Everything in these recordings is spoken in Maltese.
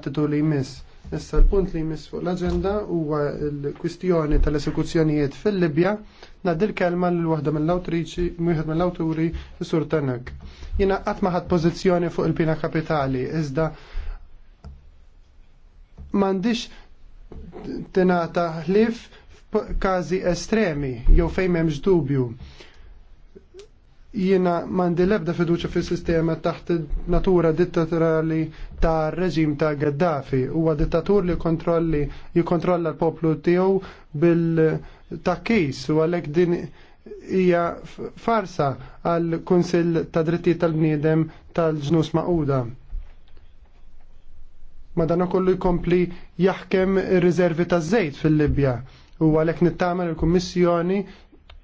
dibattitu li jmiss. Issa l-punt li jmiss fuq l-agenda huwa l-kwistjoni tal-esekuzzjonijiet fil-Libja nad il-kelma l-waħda mill-awtriċi, wieħed mill-awturi Sur Tanak. Jiena qatt ma ħadd pożizzjoni fuq il-pina kapitali, iżda m'għandix tingħata ħlief f'każi estremi jew fejn ġdubju. dubju jiena mandi lebda fiduċa fis sistema taħt natura dittaturali ta' reġim ta' Gaddafi. Huwa dittatur li kontrolli jikontrolla l-poplu tiegħu bil-takkis u għalhekk din hija farsa għal Kunsill ta' Drittijiet tal-Bniedem tal-Ġnus Maquda. Madana kollu jkompli jaħkem ir-riservi taż-żejt fil-Libja u għalhekk nittama il-Kummissjoni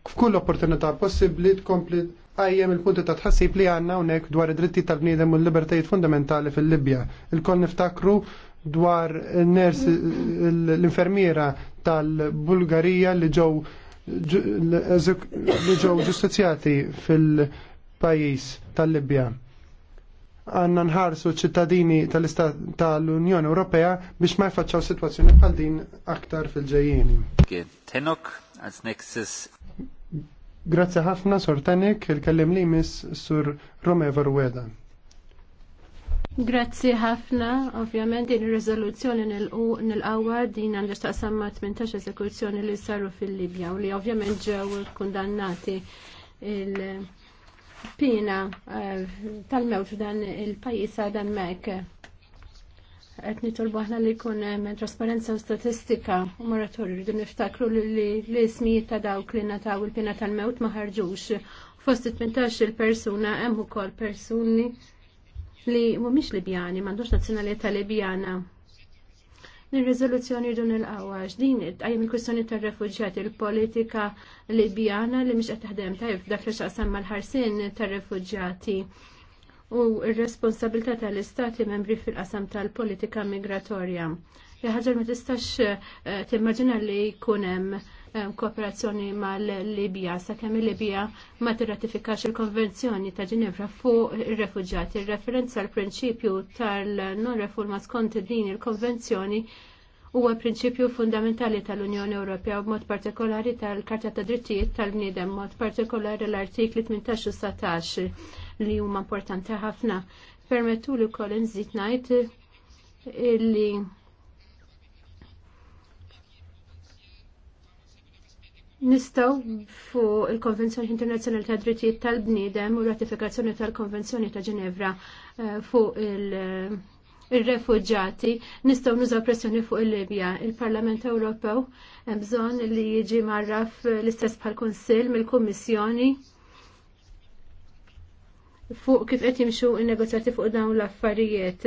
f'kull opportunità possibbli tkompli għajjem il-punti ta' tħassib li għanna unek dwar id-dritti tal-bniedem u l-libertajiet fundamentali fil-Libja. Il-kol niftakru dwar ners l-infermiera tal-Bulgarija li ġew li ġew ġustizjati fil-pajis tal-Libja. Għanna nħarsu ċittadini tal-Istat tal-Unjoni Ewropea biex ma jfaċċaw situazzjoni bħal din aktar fil-ġejjeni. Tenok, as Grazzi ħafna, Sur Tanik, il-kellim li mis Sur Rome Varweda. Grazzi ħafna, ovvjament din ir-riżoluzzjoni nil-qawwa din għandha x'taqsam ma' 18 eżekuzzjoni li saru fil-Libja u li ovvjament ġew kundannati il-pina eh, tal-mewt dan il-pajjiż għadan mek qed nitolbu aħna li jkun hemm trasparenza u statistika u moratorju rridu niftakru li l-ismijiet ta' dawk li nataw il-pina tal-mewt ma ħarġux. Fost 18 il-persuna hemm ukoll persuni li mhumiex Libjani, m'għandux nazzjonalità Libjana. Nir-riżoluzzjoni rridu nilqgħuha din qajjem il-kwistjoni tar refugġat il-politika Libjana li miex qed taħdem tajf dak li x'aqsam mal-ħarsien tar refugġati u r-responsabilità tal-istati membri fil-qasam tal-politika migratorja. Jaħġar ma tistax eh, timmaġina li jkun hemm eh, kooperazzjoni mal-Libja sakemm il-Libja ma tirratifikax il-Konvenzjoni ta' Ġinevra fuq ir-refuġjati. Ir-referenza l prinċipju tal-non-reforma skont din il-Konvenzjoni huwa prinċipju fundamentali tal-Unjoni Ewropea u mod partikolari tal-Karta ta' Drittijiet tal-Bniedem, mod partikolari l-artikli 18 u 17 li huma importanti ħafna. Permettu li wkoll inżid ngħid illi Nistaw fuq il-Konvenzjoni Internazzjonali ta' Drittijiet tal-Bniedem u ratifikazzjoni tal-Konvenzjoni ta' Ġenevra eh, fuq il-refugġati, nistaw nużaw pressjoni fuq il-Libja. Il-Parlament Ewropew eh, bżonn li jiġi marraf eh, l-istess bħal-Konsil mill-Kummissjoni fuq kif qed jimxu n-negozjati fuq dawn l-affarijiet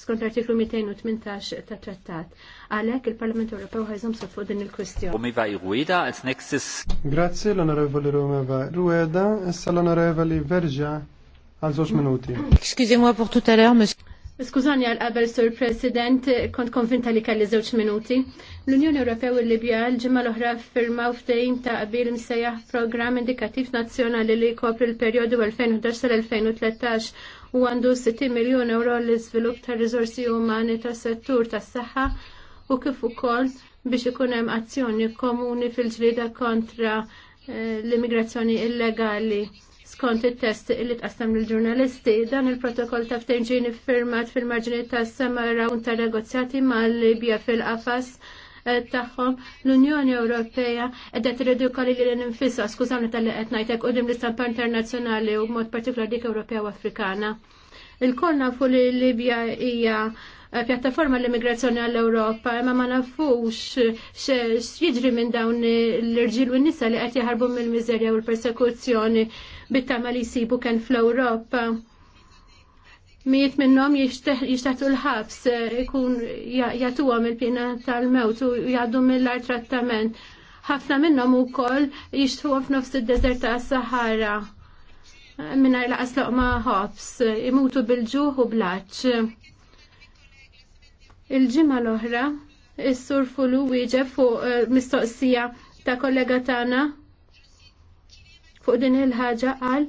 skont artiklu 218 ta' trattat. Għalek il-Parlament Ewropew ħajżom sod fuq din il-kwestjoni. Umiva Irwida, as nexis. Grazie l-Onorevoli Rumeva Rueda, issa l-Onorevoli Verġa għal żewġ minuti. Excusez-moi pour tout à l'heure, monsieur. Skużani għal qabel Sur President, kont konvinta li kelli żewġ minuti. L-Unjoni Ewropew u Libja l-ġimgħa l-oħra firmaw ftehim ta' qabil msejjaħ programm indikattiv nazzjonali li jkopri l-perjodu 2011 sal-2013 u għandu 60 miljun euro l-iżvilupp ta' riżorsi umani tas settur tas-saħħa u kif ukoll biex ikun hemm azzjoni komuni fil-ġlieda kontra eh, l-immigrazzjoni illegali skont it-test li tqassam lill-ġurnalisti. Dan il-protokoll ta' ftejġin firmat fil-marġini ta' sema rawn ta' negozjati mal-Libja fil-qafas eh, tagħhom l-Unjoni Ewropea qiegħda kalli li lil infissa skużawni tal-li qed ngħidlek qudiem l-istampa internazzjonali u b'mod partikolari dik Ewropea u Afrikana. Il-koll nafu li Libja hija eh, pjattaforma l-immigrazzjoni għall-Europa, imma ma nafux x'jiġri minn dawn l-irġiel u n-nisa li qed jaħarbu mill-miżerja u l-persekuzzjoni bittama li jsibu kien fl europa Miet minnom jishtatu l-ħabs, ikun jatu għom il-pina tal-mewt u jaddu mill-ar trattament. ħafna minnom u koll jishtu għom f'nofs id-desert ta' Sahara minna laqas loqma ħobs, imutu bil-ġuħ u blaċ. Il-ġimma l-oħra, il sur fulu wieġeb fuq eh, mistoqsija ta' kollega tagħna fuq din il-ħaġa qal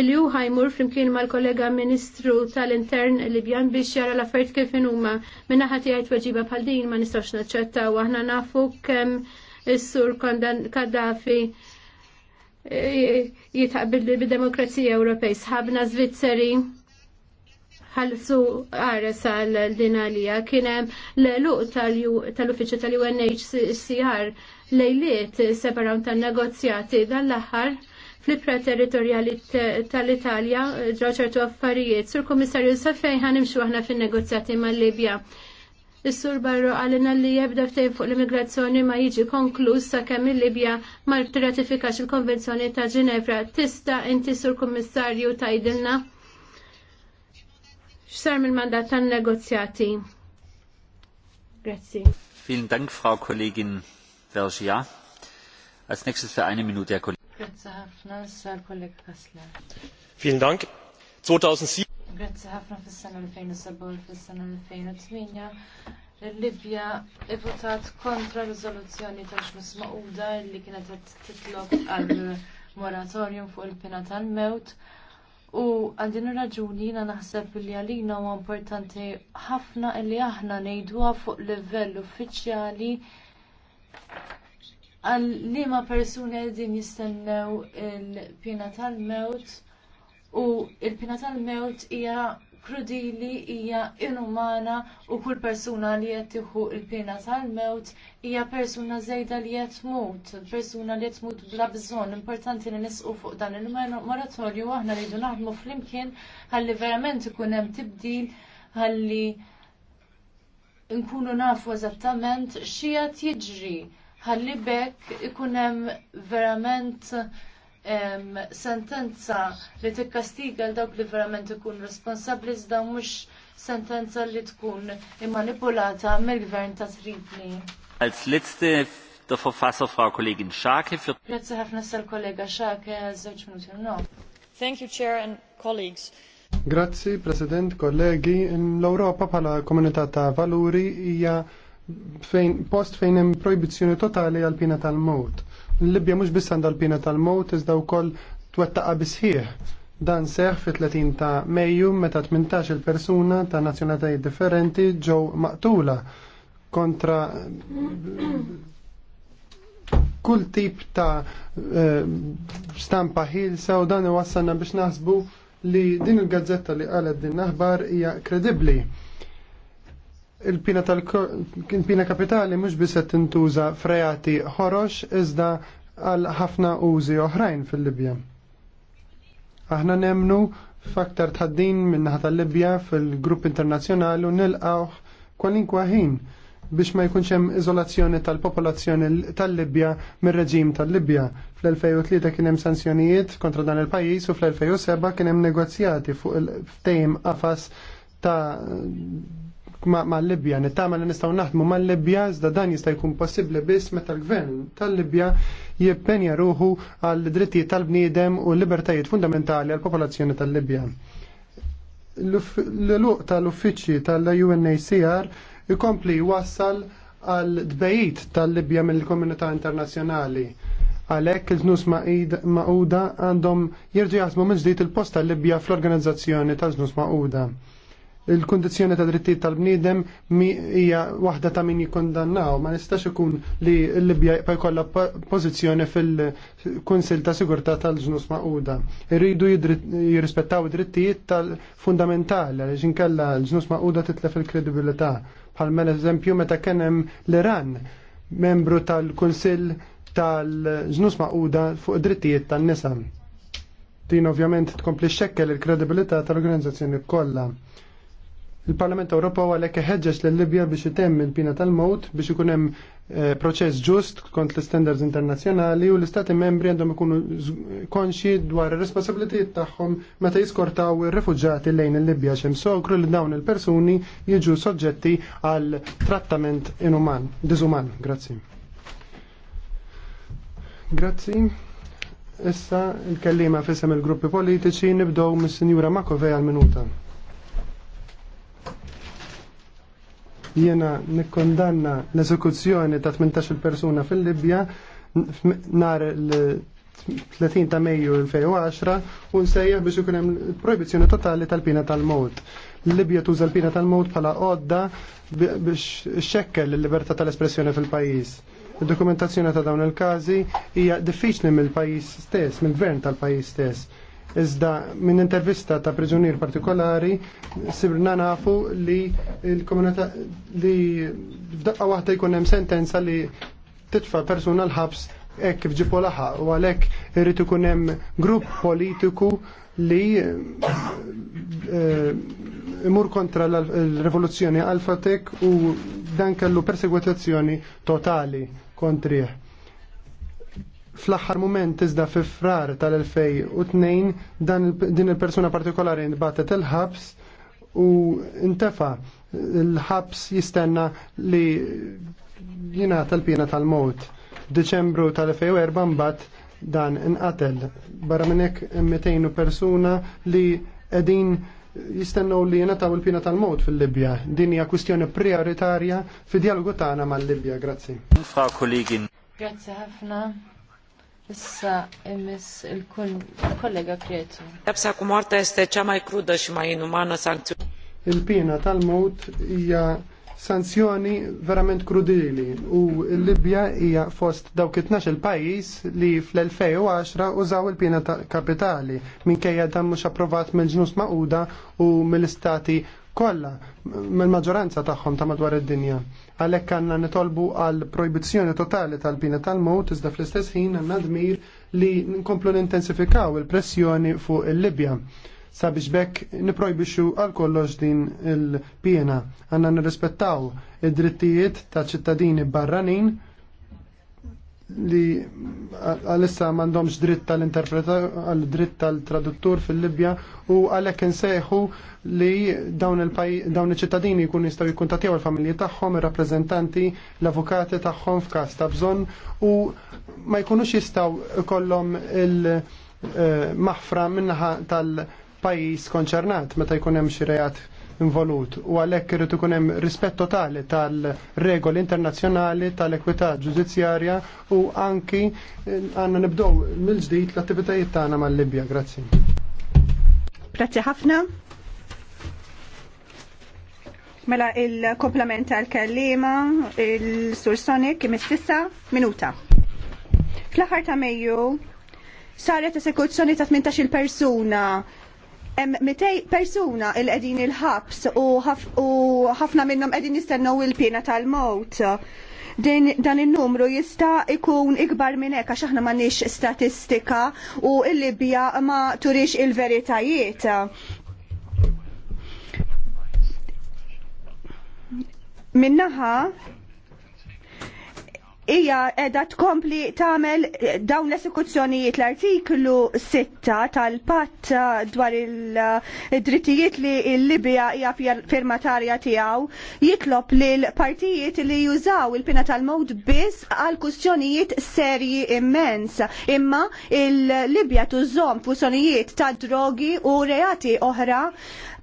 illi hu ħajmur flimkien mal-kollega Ministru tal-Intern Libjan biex jara l-affarijiet kif huma minn naħa tiegħi tweġiba bħal din ma nistgħux naċċettaw aħna nafu kemm is-sur Kaddafi e, jitqabbel bid-demokrazija Ewropej sħabna Zvizzeri ħalsu għares għal dinalija kienem l-luq tal uffiċċju tal-UNHCR lejliet separaw tan negozjati dan l-aħħar fl-ipra territorjali tal-Italja ġew affarijiet. Sur Kummissarju Safej ħanimxu aħna fin-negozjati mal-Libja. Is-sur Barru għalina li jebda ftejn fuq l-immigrazzjoni ma jiġi konkluż sakemm il-Libja ma rratifikax il-Konvenzjoni ta' Ġinevra. Tista' inti sur Kummissarju tgħidilna x'sar mill-mandat tan-negozjati. Grazzi. Vielen Dank, Frau Kollegin Vergia. Als nächstes für eine Minute, Herr Kollege. Grazzi ħafna Vielen Dank. 2007. Grazzi ħafna fis-sena fis-sena libja votat kontra riżoluzzjoni ta' xmus maquda li kienet titlob għal moratorium fuq il pina tal-mewt. U għandin raġuni jiena naħseb li għalina u importanti ħafna li aħna nejduha fuq livell uffiċjali għal li ma persuni għedin jistennew il-pina tal-mewt u il-pina tal-mewt hija krudili hija inumana u kull persuna li qed tieħu il pina tal-mewt hija persuna żejda li qed tmut, persuna li jettmut tmut bla bżonn. Importanti li nisqu fuq dan il-moratorju aħna rridu naħdmu flimkien ħalli verament ikun hemm tibdil ħalli nkunu nafu eżattament x'ija jiġri ħalli bekk ikun hemm verament sentenza li tikkastiga l dawk li verament ikun responsabbli iżda mhux sentenza li tkun immanipulata mill-gvern ta' Tripli. Als letzte der Verfasser Frau Kollegin Schake für Grazie ħafna sal kollega Scharke żewġ minuti no. Thank you Chair and colleagues. Grazzi President, kollegi, l-Europa bħala komunità ta' valuri hija fejn post fejn hemm proibizzjoni totali għal pina tal-mowt. Libja mhux biss għandha l-pina tal-mowt iżda wkoll twettaqa bisħieħ. Dan seħ fit 30 ta' Mejju meta 18 il persuna ta' nazzjonalitajiet differenti ġew maqtula kontra kull tip ta' eh, stampa ħilsa u dan iwassalna biex naħsbu li din il-gazzetta li qalet din naħbar aħbar hija kredibbli il-pina tal-pina kapitali mhux biss qed tintuża frejati ħorox iżda għal ħafna użi oħrajn fil-Libja. Aħna nemnu faktar tħaddin minnaħa tal-Libja fil-grupp internazzjonali u nilqgħu kwalinkwa ħin biex ma jkunx hemm iżolazzjoni tal-popolazzjoni tal-Libja mir-reġim tal-Libja. Fl-2003 kien hemm sanzjonijiet kontra dan il-pajjiż u fl-2007 kien hemm negozjati fuq il-ftejm qafas ta' mal-Libja, nittama li nistaw naħdmu mal-Libja, iżda dan jista' jkun possibbli biss meta l-gvern tal-Libja jippenja ruħu għal drittijiet tal-bniedem u l-libertajiet fundamentali għal popolazzjoni tal-Libja. L-luq tal-uffiċċji tal-UNHCR ikompli wassal għal dbejit tal-Libja mill-komunità internazzjonali. Għalhekk il-ġnus maquda għandhom jirġu jasmu minn ġdid il-post tal-Libja fl-organizzazzjoni tal-ġnus maquda il-kondizjoni ta' drittijiet tal-bniedem hija waħda ta' min jikkondannaw. Ma nistax ikun li l-Libja jibqa' jkollha pożizzjoni fil-Kunsil ta' Sigurtà tal-Ġnus Maquda. Irridu jirrispettaw id-drittijiet tal-fundamentali għaliex inkella l-Ġnus Maquda titlef il-kredibilità. Bħal mela eżempju meta kien hemm l-Iran membru tal-Kunsil tal-Ġnus Maquda fuq drittijiet tan-nisa. Din ovvjament tkompli xekkel il-kredibilità tal-organizzazzjoni kollha Il-Parlament Ewropew għalhekk iħeġġeġ lil Libja biex itemm il-pina tal-mewt biex ikun hemm eh, proċess ġust kont l-standards internazzjonali u l-istati membri għandhom ikunu konxi dwar ir-responsabilitajiet tagħhom meta jiskortaw ir-refuġġati lejn il-Libja xemm sokru li dawn il-persuni jiġu soġġetti għal trattament inuman, diżuman. Grazzi. Grazzi. Issa il-kellima fissem il-gruppi politiċi nibdow mis-Sinjura Makovej għal-minuta. Jiena nikkondanna l-eżekuzzjoni ta' 18 persuna fil-Libja nar l-30 ta' Mejju 2010 u nsejjaħ biex ikun hemm proibizzjoni totali tal-pina tal-mod. Libja tuża l-pina tal-mod bħala għodda biex xekkel l-libertà tal-espressjoni fil-pajjiż. Id-dokumentazzjoni ta' dawn il-każi hija diffiċli mill-pajjiż stess, mill-gvern tal-pajjiż stess Iżda minn intervista ta' priġunier partikolari sibna nafu li l-komunità li f'daqqa waħda jkun hemm sentenza li titfa' persuna l-ħabs hekk kif ġipu laħa u għalhekk irid ikun hemm grupp politiku li eh, imur kontra l-rivoluzzjoni Alfatek u dan kellu persegwitazzjoni totali kontrih fl-aħħar moment iżda fi frar tal-2002 dan din il-persuna partikolari nbatet il-ħabs u intefa il-ħabs jistenna li jina tal-pina tal-mot. Deċembru tal-2004 mbagħad dan inqatel. Barra minn 200 persuna li qegħdin jistennu li jingħataw il-pina tal-mod fil-Libja. Din hija kwistjoni prioritarja fi dialogu tagħna mal-Libja. Grazzi. Grazzi ħafna. Issa il-kollega Kretu. este Il-pina tal-mut hija sanzjoni verament krudili u l-Libja hija fost dawk it il pajjiż li fl-2010 użaw il-pina kapitali minkejja dan mhux approvat mill-ġnus maquda u mill-istati kollha mill-maġġoranza tagħhom ta' madwar id-dinja. Għalhekk għandna nitolbu għal projbizzjoni totali tal-pina tal-mewt iżda fl-istess ħin għandna dmir li nkomplu nintensifikaw il-pressjoni fuq il-Libja sabiex bekk niprojbixu għal kollox din il-pjena. Għanna nirrispettaw id-drittijiet ta' ċittadini barranin li għalissa mandomx dritt tal-interpreta għal dritt tal-traduttur fil-Libja u għalek nseħu li dawn il-ċittadini jkun jistaw jikuntatjaw il-familji tagħhom, il-rappreżentanti, l-avukati tagħhom f'każ ta' bżonn u ma jkunux jistaw kollom il-maħfra eh, minnaħa tal-pajjiż konċernat meta jkun hemm xi involut u għalhekk irid ikun hemm rispett totali tal-regoli internazzjonali tal-ekwità ġudizzjarja u anki eh, għandna nibdew mill-ġdid l-attivitajiet tagħna mal-Libja. Grazzi. Grazzi ħafna. Mela il-komplement tal-kellima, il-Sur Sonic, istissa minuta. fl aħħar ta' Mejju, saret esekuzzjoni ta' 18 persuna 200 persuna il qegħdin il-ħabs u ħafna minnhom qegħdin jistennew il-pjena tal-mowt. dan il-numru jista' ikun ikbar minn hekk għax aħna m'għandniex statistika u l-Libja ma turix il-veritajiet. Minnaħa hija edha tkompli tagħmel eh, dawn l-esekuzzjonijiet l-artiklu 6 tal-patt eh, dwar il-drittijiet eh, li l-Libja hija firmatarja tiegħu jitlob l partijiet li jużaw il-pina tal mod biss għal kustjonijiet serji immens. Imma il-Libja tużom fusonijiet ta' drogi u reati oħra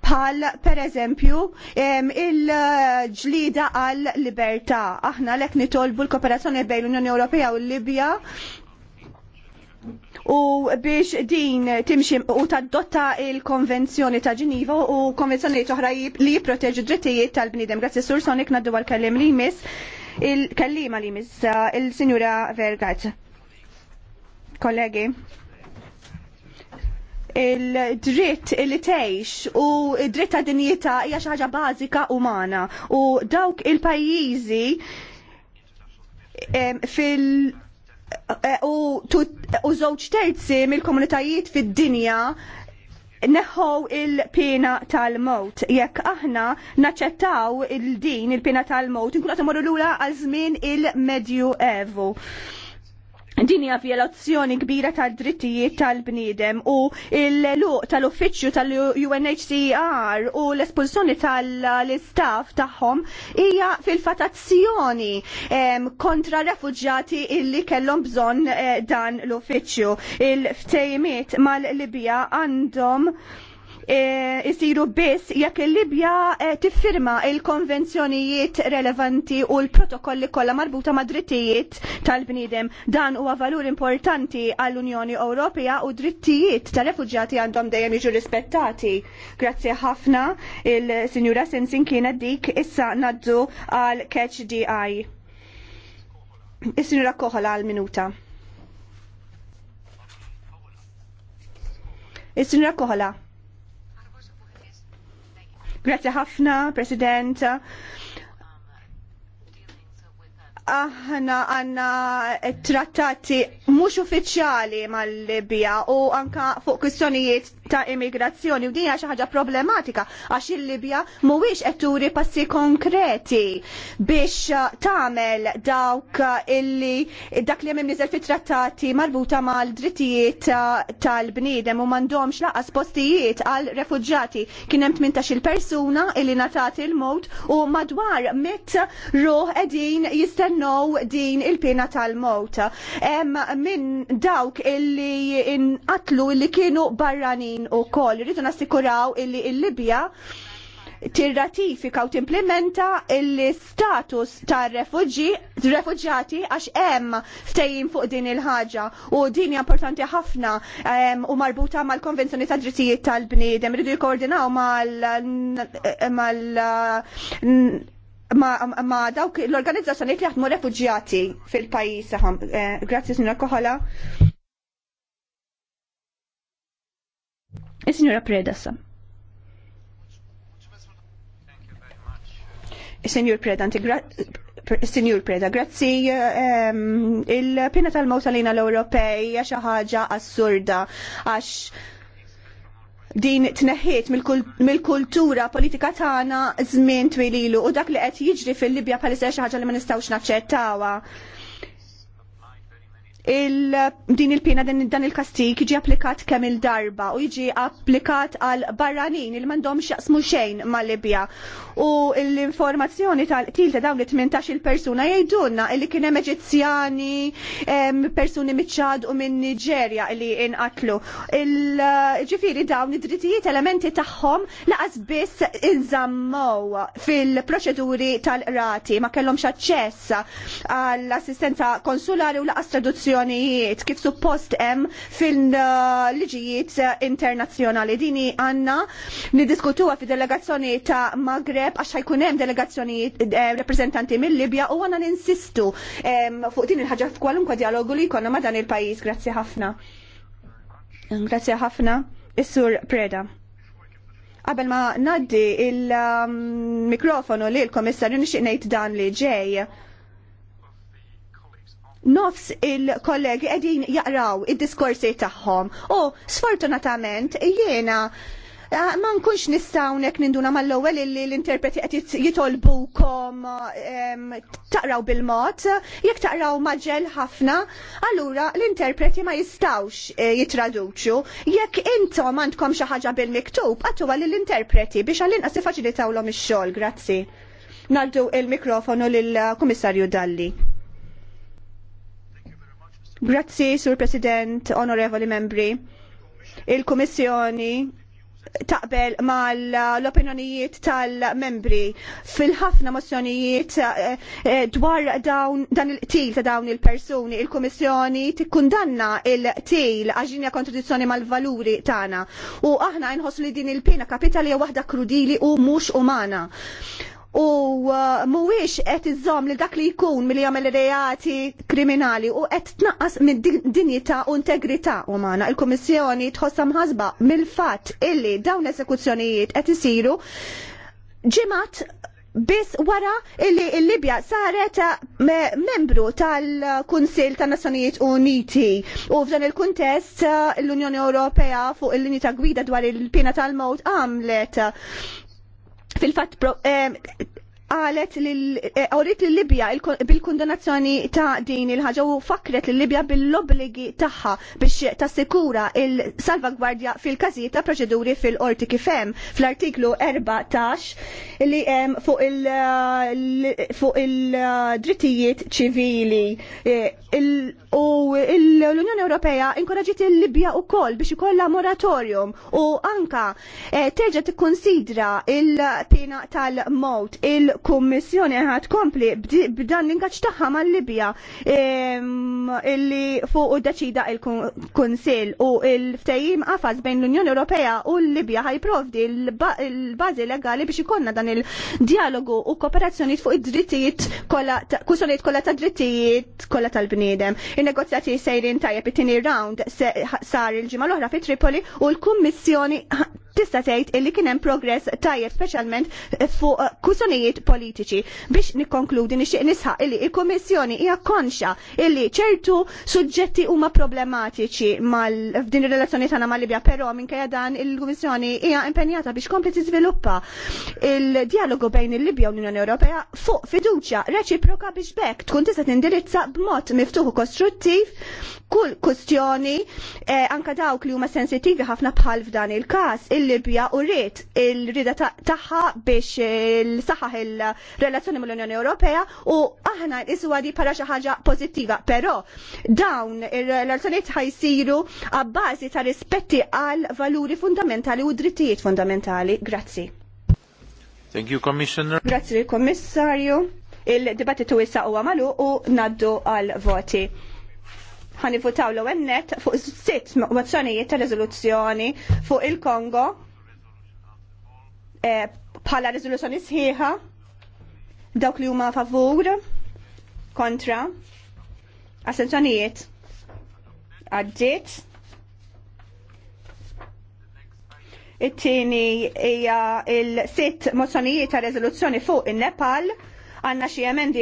bħal per eżempju il-ġlida għal libertà. Aħna lek nitolbu l-kooperazzjoni bejn l-Unjoni Ewropea u l-Libja u biex din timxi u tadotta il-konvenzjoni ta' Ġiniva u konvenzjoni toħra li jipproteġi drittijiet tal-bnidem. Grazie sur Sonic naddu għal-kellim li jmiss il-kellima li jmiss il-Sinjura Vergat. Kollegi il-dritt li tgħix u d-dritt ta' dinjità hija xi ħaġa bażika umana u dawk il-pajjiżi fil- e, u żewġ terzi mill-komunitajiet fid-dinja neħħow il-pena tal-mot. Jekk aħna naċċettaw il-din il-pena tal-mot, inkun qed imorru lura għal żmien il-Medju Evu din hija violazzjoni kbira tad-drittijiet tal-bniedem u l-luq tal-uffiċċju tal-UNHCR e u l-espulsjoni tal-istaff tagħhom hija fil-fatazzjoni kontra refuġġati illi kellhom bżonn eh, dan l-uffiċċju. Il-ftejmiet mal-Libja għandhom E, isiru biss jekk il-Libja e, tiffirma il-konvenzjonijiet relevanti u l-protokolli kollha marbuta ma' drittijiet tal-bniedem. Dan huwa valur importanti għall-Unjoni Ewropea u drittijiet tal-refuġjati għandhom dejjem jiġu rispettati. Grazzi ħafna il-Sinjura Sensin kienet dik issa naddu għal Catch DI. Is-Sinjura Koħola għal minuta. Is-Sinjura Koħola. Grazie ħafna, President aħna għanna trattati mhux uffiċjali mal-Libja u anka fuq kwistjonijiet ta' immigrazzjoni u dinja xi ħaġa problematika għax il-Libja mhuwiex qed turi passi konkreti biex uh, tagħmel dawk uh, illi dak li hemm niżel fit-trattati marbuta mal-drittijiet uh, tal-bniedem u m'għandhomx laqas postijiet għal refugġati kien hemm 18 persuna illi natat il-mod u madwar mit ruħ qegħdin jistennew din il pina tal mod Hemm minn dawk illi inqatlu illi kienu barranin oħrajn u kol, Rridu nasikuraw illi il-Libja tirratifika u timplementa il-status tar refuġjati għax hemm stejjin fuq din il-ħaġa u din importanti ħafna u marbuta mal-Konvenzjoni ta' Drittijiet tal-Bniedem rridu jikkoordinaw mal ma dawk l-organizzazzjoni li jaħdmu refuġjati fil-pajjiż. Eh, grazzi, signor Kohola. Is-Sinjura Predassa. Is-Sinjur Preda, Sinjur Preda, grazzi ehm, il-pina tal-mawt għalina l-Ewropej xi ħaġa assurda għax din tneħħiet mill-kultura politika tagħna żmien twililu u dak li qed jiġri fil-Libja bħalissa xi ħaġa li ma nistgħux naċċettawha din il-pina dan il-kastik jiġi applikat kemm il-darba u jiġi applikat għal barranin il mandom xaqsmu xejn ma' Libja. U l-informazzjoni tal-qtil ta' dawn it-18 il-persuna jgħidulna li kien hemm Eġizzjani, persuni miċ-Ċad u minn Niġerja li inqatlu. Ġifieri dawn id-drittijiet elementi tagħhom laqas biss inżammaw fil-proċeduri tal-rati ma kellhomx aċċess għall-assistenza konsulari u laqas traduzzjoni sanzjonijiet kif suppost hemm fil-liġijiet internazzjonali. Dini għanna niddiskutuha fi delegazzjoni ta' Maghreb għax ħajkun hemm delegazzjonijiet eh, rappreżentanti mill-Libja u għanna ninsistu fuq din il-ħaġa f'kwalunkwa dialogu li jkollna ma' dan il-pajjiż. Grazzi ħafna. Grazzi ħafna. Is-sur Preda qabel ma naddi il-mikrofonu li l-komissarju nixtieq ngħid dan li ġej nofs il-kollegi edin jaqraw id-diskorsi tagħhom. U sfortunatament jiena eh, ma nkunx nistawnek ninduna mal-ewwel illi l-interpreti qed jitolbukom taqraw bil-mod, jekk taqraw maġel ħafna, allura l-interpreti ma jistawx eh, jitraduċu. Jekk intom għandkom xi ħaġa bil-miktub, għattuha lill-interpreti biex għall-inqas ifaċilitawlhom ix-xogħol, grazzi. Nardu il-mikrofonu lill-Kummissarju Dalli. Grazzi, Sur President, onorevoli membri. il kommissjoni taqbel mal-opinjonijiet tal-membri fil-ħafna mozzjonijiet eh, eh, dwar dan il til ta' dawn il-persuni. il kommissjoni tikkundanna il til għaxin kontradizzjoni mal-valuri tagħna. U aħna nħossu li din il-pena kapitali waħda krudili u mhux umana u uh, mhuwiex qed iżomm li dak li jkun mill jagħmel reati kriminali u qed tnaqqas minn dinjità u integrità umana. Il-Kummissjoni tħossam ħasba mill-fatt illi dawn l-esekuzzjonijiet qed isiru ġimat biss wara illi l-Libja saret membru tal-Kunsil tan Nazzjonijiet Uniti u f'dan il-kuntest uh, l-Unjoni Ewropea fuq il-linji ta' gwida dwar il-pina tal-mowt għamlet fil-fatt qalet għorit eh, l-Libja bil kondonazzjoni ta' din il-ħagġa u fakret l-Libja bil-obligi tagħha biex tassikura il-salvagwardja fil-każijiet ta' proċeduri fil-qorti kifem fl-artiklu 14 li hemm fuq eh, il-drittijiet ċivili eh, u l-Unjoni Ewropea inkoraġiet il-Libja ukoll biex ikollha moratorium u anka terġa' tikkonsidra il-pena tal-mowt il pina tal mot il kummissjoni ħad kompli b'dan l-ingaċ tagħha mal-Libja illi fuq deċida il-Kunsill u il ftajim qafas bejn l-Unjoni Ewropea u l-Libja ħajprovdi l-bażi legali biex ikonna dan il-dialogu u kooperazzjoni fuq id-drittijiet kusolijiet kollha ta' drittijiet kollha tal-bniedem. Il-negozjati sejrin tajjeb it-tieni round sar il-ġimgħa l-oħra fi Tripoli u l-Kummissjoni tista' tgħid illi kien hemm progress tajjeb speċjalment fuq kusonijiet politiċi. Biex nikkonkludi nixtieq nisħaq illi il-Kummissjoni hija konxa illi ċertu suġġetti huma problematiċi f'din ir-relazzjoni tagħna mal-Libja, però minkejja dan il-Kummissjoni hija impenjata biex kompli tiżviluppa il-dialogu bejn il-Libja u l-Unjoni Ewropea fuq fiduċja reċiproka biex bekk tkun tista' tindirizza b'mod miftuħ u kostruttiv kull kustjoni eh, anka dawk li huma sensittivi ħafna bħal f'dan il-każ il-Libja u rrid il-rida tagħha biex il-saħħaħ eh, il saħħa il tal-relazzjoni mill-Unjoni Ewropea u aħna iswa di para xi ħaġa pożittiva, però dawn ir-relazzjonijiet ħajsiru għabbażi ta' rispetti għal valuri fundamentali u drittijiet fundamentali. Grazzi. Thank you, Commissioner. Grazzi, Kommissarju. Il-dibattitu issa huwa malu u naddu għal voti. votaw l net fuq sitt mozzjonijiet ta' rezoluzzjoni fuq il-Kongo eh, bħala rezoluzzjoni sħiħa. Dawk li huma favur, kontra, assenzjonijiet għaddiet. It-tieni hija il-sitt mozzjonijiet ta' reżoluzzjoni fuq in-Nepal għandna xi emendi